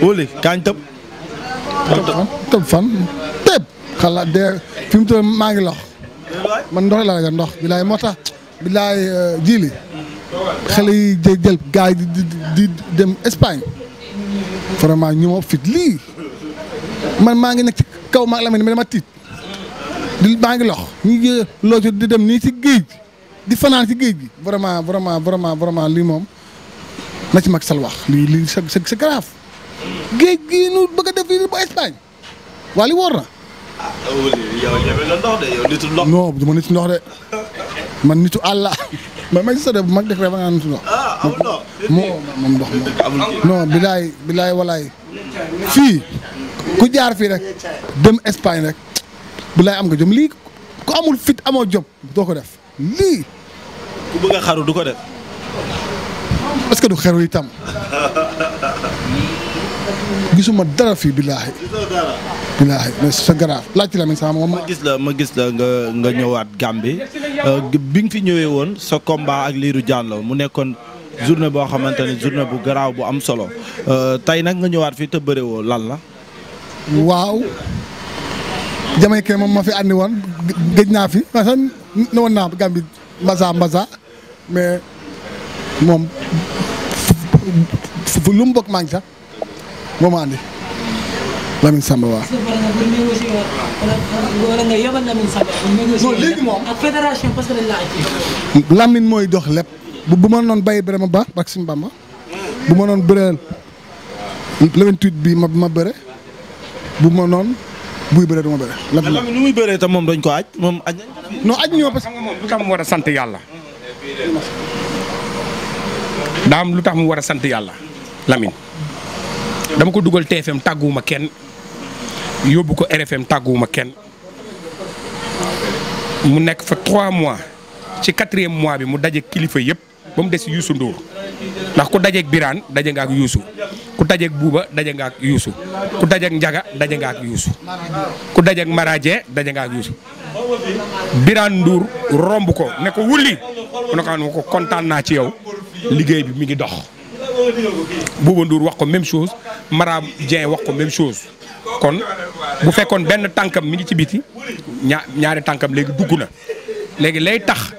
wóoli kaañ tëb. tëb fan tëb xalaat de fi mu toll maa ngi lox man ndox la nga ndox bilaay moo tax bilaay euh, jiili xale yi jël gaay yi di di dem Espagne vraiment ñu fit lii man maa ngi nekk ci kaw maa la mel ma tiit di maa ngi lox ñu ngi euh, loo di dem nii ci géej di fanaan ci géej gi vraiment vraiment vraiment vraiment lii moom na ci mag sal wax lii lii c'est grave géej gii nu bëgg a def fii ba Espagne waa li wóor na. ah yow de yow nitu ndox. non ma nitu ndox de bu mag def rek naan nitu ndox. ah amul ndox moo fii ku jaar fii rek dem Espagne rek bilaay am nga jom lii ku amul fit amoo jom doo ko def lii. ku bëgg a xaru du ko def. parce que du xaru itam. gisuma dara fii billaahi. billaahi mais sa garaaf laajte la ma gis la ma gis la nga nga ñëwaat Gambie euh, bi fi ñëwee woon sa combat ak Lirou Diane mu nekkoon journée boo xamante ne journée bu garaaw bu am solo euh, tey nag nga ñëwaat fii te bëre woo lan la. waaw. Jamaïcain moom ma fi àndi woon géej naa fi ne woon naa Gambie mbasa mbasa mais moom fu lu mu bokk maa sax. moo ma andi Lamine Samba waaw. non moom. ak fédération parce mooy dox lépp bu bu ma noon bàyyi Birama Ba ak suñu Bamba bu ma noon bëreel le 28 bii ma ma bu ma noon buy bëree du ma bëre. Lamine lu muy bëree te moom dañ ko aj moom aj aj ñoo parce que war a sant yàlla. Hmm. daam lu tax mu war a sant yàlla Lamine. dama ko dugal TFM tàgguwuma kenn yóbbu ko RFM tàgguwuma kenn mu nekk fa trois mois ci quatrième mois bi mu daje kilifa yëpp ba mu des Youssou Ndour ndax ku dajeeg Birane daje nga ak Youssou ku dajeeg Bouba daje nga yuusu ku dajeeg Ndiaga daje nga ak Youssou ku dajeeg Maradie daje nga ak Youssou Birane romb ko ne ko wulli mu ne ah, ko kontaan naa ci yow liggéey bi mi ngi dox. Bouba wax ko même chose Mara Dieng wax ko même chose kon bu fekkoon benn tànkam mi ngi ci biti ñaa ñaari tànkam léegi dugg na léegi lay tax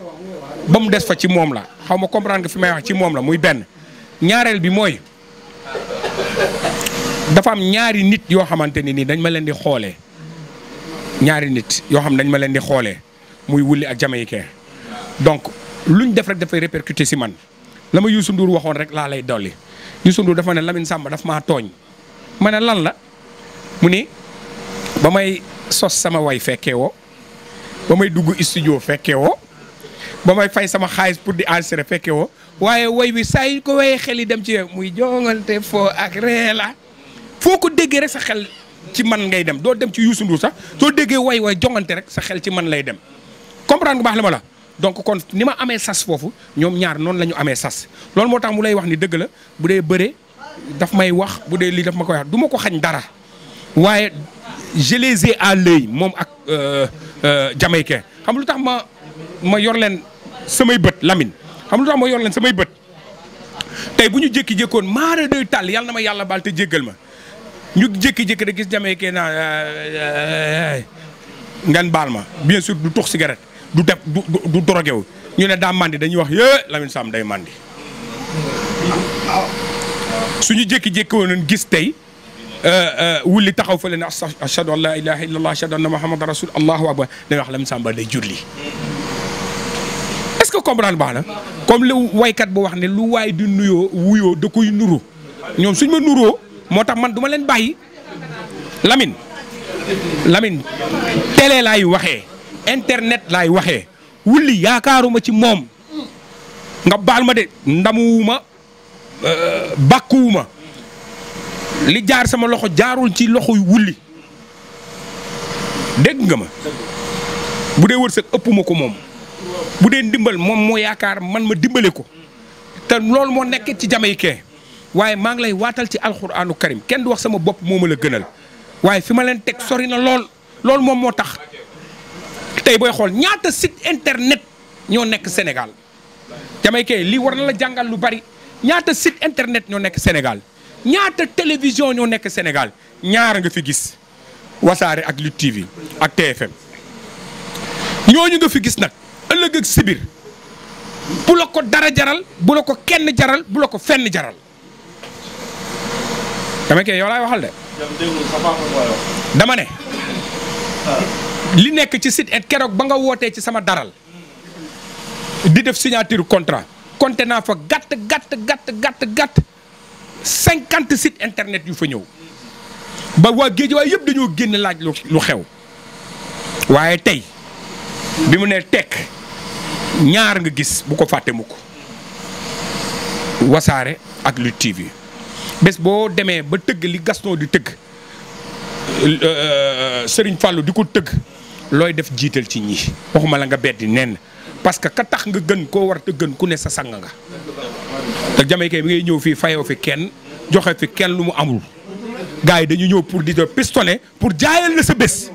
ba mu des fa ci moom la xaw ma comprendre nga fi may wax ci moom la muy benn ñaareel bi mooy dafa am ñaari nit yoo xamante ne nii dañ ma leen di xoolee ñaari nit yoo xam dañ ma leen di xoolee muy wulli ak jamaïcain donc lu ñu def rek dafay répercuter si man. la ma Youssou Ndour waxoon rek laa lay dolli Youssou Ndour dafa ne Lamine Samba daf maa tooñ ma ne lan la mu ni ba may sos sama way fekkee woo ba may dugg studio fekkee woo ba may fay sama xaalis pour di enregistrer fekkee woo waaye way wi saa yu ko wayee xel yi dem ci muy jongante foo ak ree la foo ko déggee rek sa xel ci man ngay dem doo dem ci Youssou Ndour sax soo déggee way way jongante rek sa xel ci man lay dem comprendre baax la ma la donc kon ni ma amee sas foofu ñoom ñaar noonu la ñu amee sas loolu moo tax mu lay wax ni dëgg la bu dee bëre dafa may wax bu dee lii daf ma ko wax du ma ko xañ dara waaye je les à l'œil moom ak jamaïcain xam lu tax ma ma yor leen samay bët lamin xam lu tax ma yor leen samay bët tey bu ñu jékki-jékkoon maara day tàll yàlla na ma yàlla baal te jéggal ma ñu jékki-jékki rek gis jamaïcain naa ngan baal ma bien sûr du tux cigarette du def du du drogué wu ñu ne daa màndi dañuy wax yée lamin Sam day mandi suñu jékki-jékki woon gis tey euh, euh, wulli taxaw fa leen ashadu an laa ilaha illa allah ashadu anna muhammadan rasul allahu akbar dañuy wax Lamine Sam ba day julli est-ce que comprendre baax na comme lu waykat bu wax ne lu waay di nuyoo wuyoo da koy nuru ñoom suñ ma nuroo moo tax man du leen bàyyi Lamine Lamine télé laay waxee internet laay waxee wulli yaakaaruma ci moom nga baal ma de ndamuwuma euh, bàkkuwuma li jaar sama loxo jaarul ci loxo wulli dégg nga ma bu dee wërsëg ëpp ma ko moom bu dee ndimbal moom moo yaakaar man ma dimbale ko te loolu moo nekk ci jamaïcain waaye maa ngi lay waatal ci alxuraanu karim kenn du wax sama bopp moo ma la gënal waaye fi ma leen teg sori na lool loolu moom moo tax tey booy xool ñaata site internet ñoo nekk Sénégal Jamaïcain lii war na la jàngal lu bari ñaata site internet ñoo nekk Sénégal ñaata télévision ñoo nekk Sénégal ñaar nga fi gis wasaare ak Lutte TV ak TFM ñooñu nga fi gis nag ëllëg ak sibir bu la ko dara jaral bu la ko kenn jaral bu la ko fenn jaral Jamaïcain yow laay waxal de. dama ne. Ah. li nekk ci site et keroog ba nga wootee ci sama daral di def signature contrat compté naa fa gàtt gàtt gàtt gàtt cinquante site internet yu fa ñëw ba waa géej waaye yëpp dañoo génn laaj lu xew waaye tey bi mu nee tekk ñaar nga gis bu ko fàtte mukk wasaare ak lu TV bés boo demee ba tëgg li Gaston di tëgg euh, sëriñ Fallou di ko tëgg looy def jiital ci ñii waxuma la nga beddi nenn parce que ka tax nga gën koo war te gën ku ne sa sang nga te jamaïcain bi ngay ñëw fii fayoo fi kenn joxe fi kenn lu mu amul gars yi dañu ñëw pour di pistolet pour jaayal la sa bés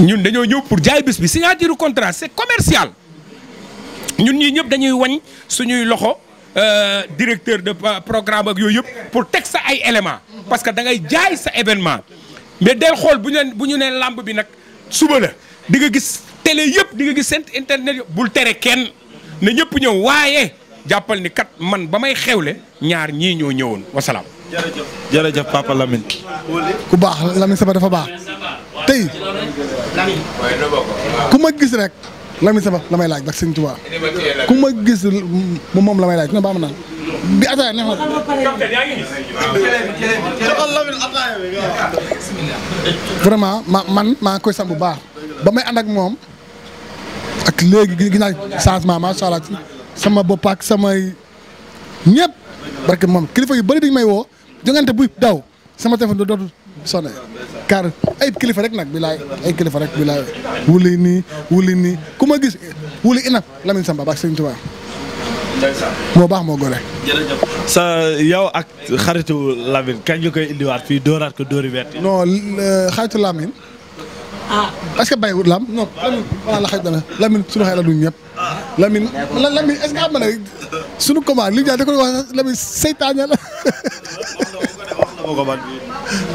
ñun dañoo ñëw pour jaay bés bi signature contrat c'est commercial ñun ñii ñëpp dañuy wañ suñuy loxo euh, directeur de programme ak yooyu yëpp pour teg sa ay éléments parce que da ngay jaay sa événement mais del xool bu ñu nee bu ñu nee làmb bi nag suba la di nga gis télé yëpp di nga gis seen internet yëpp bul tere kenn ne ñëpp ñëw waaye jàppal ni kat man ba may xewle ñaar ñii ñoo ñëwoon wasalaam. jërëjëf jërëjëf Papa Lamine. ku baax Lamine Saba dafa baax tey ku ma gis rek. Lamine Samba la may laaj ndax sëñ Tuubaa ku ma gis moom la may laaj ku ne baa ma naan bi ataaya neex na. vraiment ma man maa ngi koy sant bu baax ba may ànd ak moom ak léegi gis naa changement macha allah ci sama bopp ak samay ñëpp barke moom kilifa yu bëri dañ may woo jongante buy daw sama téléphone dootul sonné. car ay kilifa rek nag bilaay ay kilifa rek bilaay wuli nii ku ma gis wuli inap Lamine Samba baax Sëriñ Tuubaa moo baax moo gore sa yow ak xaritu Lamine kañ nga koy indiwaat fii dóoraat ko dóori wetti euh, xaritu Lamine ah est-ce que bàyyiwut Lam na ne suñu li ñu ko wax Lamine seytaane ko man.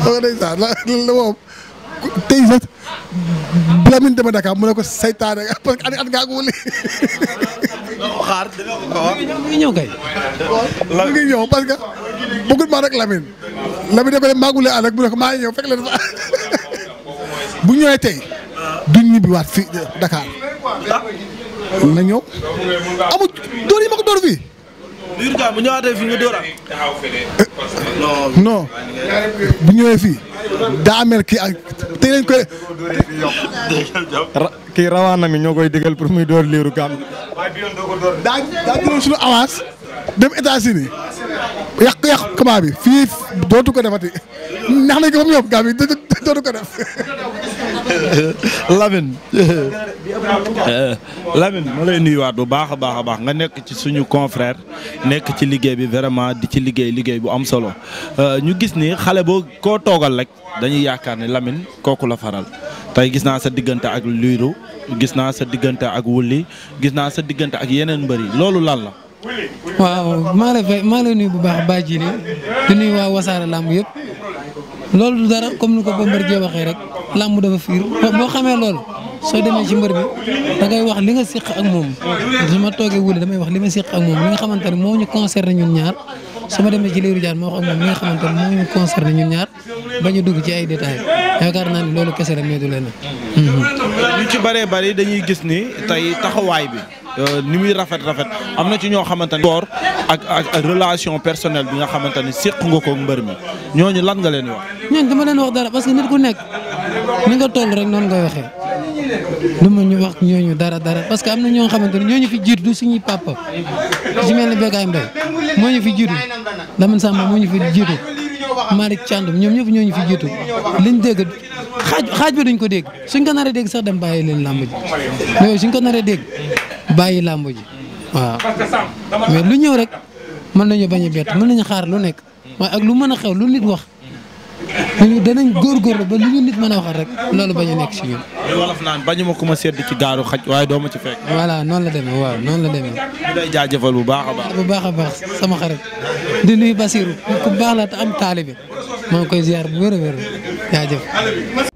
waaw ndeysaan la moom tey sax Lamine dama Dakar mu ne ko saytaane parce que at ngaa ko que bëggul maa maa ngi wule ànd ak mu ne ah. na ñëw amul door yi ma ko door fii. non bu ñëwee fii daa mel kii ak tey koy. kii rawaana mi ñoo koy digal pour muy door liiru gàmm. daa daa jëloon suñu avance dem États-Unis yàq-yàq kamaa bi fii dootu ko defati ndax nañ ko fa mu yóbbu gàmm yi dootu ko def. Lamine Lamine ma lay nuyuwaat bu baax a baax a baax nga nekk ci suñu confrère nekk ci liggéey bi vraiment di ci liggéey liggéey bu am solo euh, ñu gis ni xale boo koo toogal rek dañu yaakaar ne Lamine kooku la faral tey gis naa sa diggante ak Lirou gis naa sa diggante ak Wouly gis naa sa diggante ak yeneen mbër yi loolu lan la. waaw maa lay nuyu bu baax Ba Dieng di nuyu waa Wasaare Lamb yëpp loolu dara comme ni ko Bombardier waxee rek. làmb dafa fiir boo xamee loolu soo demee ci mbër bi da wax li nga siq ak moom su ma toogee wule damay wax li ma séq ak moom li nga xamante ne moo ñu concerné ñun ñaar su ma demee ci Lirou Diane ma wax ak moom li nga xamante ne moo ñu concerné ñun ñaar ba ñu dugg ci ay détails yaakaar naa ne loolu kese la mais du leneen. Hmm. ñu ci bëree bëri dañuy gis ni tey taxawaay bi. Euh, ni muy rafet rafet am na ci ñoo xamante ne sport ak ak relation personnelle bi nga xamante ne séq nga ko mbër mi ñooñu lan nga leen wax. ñooñu dama leen wax dara parce que ni nga toll rek noonu ngay waxee du ma ñu wax ñooñu dara dara parce que am na ñoo xamante ne ñooñu fi jiitu du suñuy papa si mel ni Bécaye Mbaye moo ñu fi jiitu Lamine Samba moo ñu fi jiitu Malick Thiandoum ñoom ñëpp ñooñu fi jiitu liñ dégg xaaj xaaj bi duñ ko dégg suñ ko naree dégg sax dem bàyyi leen làmb ji suñ ko naree dégg bàyyi làmb ji waaw mais lu ñëw rek mën nañu bañ a bett mën nañu xaar lu nekk waaye ak lu mën a xew lu nit wax. ñu danañ góorgóorlu ba lu ñu nit mën a waxal rek loolu bañ a nekk si ñun. li wolof naan bañu ma ko ma sedd ci gaaru xaj waaye doo ma ci fekk. voilà noonu la demee waaw noonu la demee. ñu lay jaajëfal bu baax a baax. bu baax a baax sama xarit di nuyu Basirou ku baax la te am taalibe maa ngi koy ziar bu wér a wér jaajëf.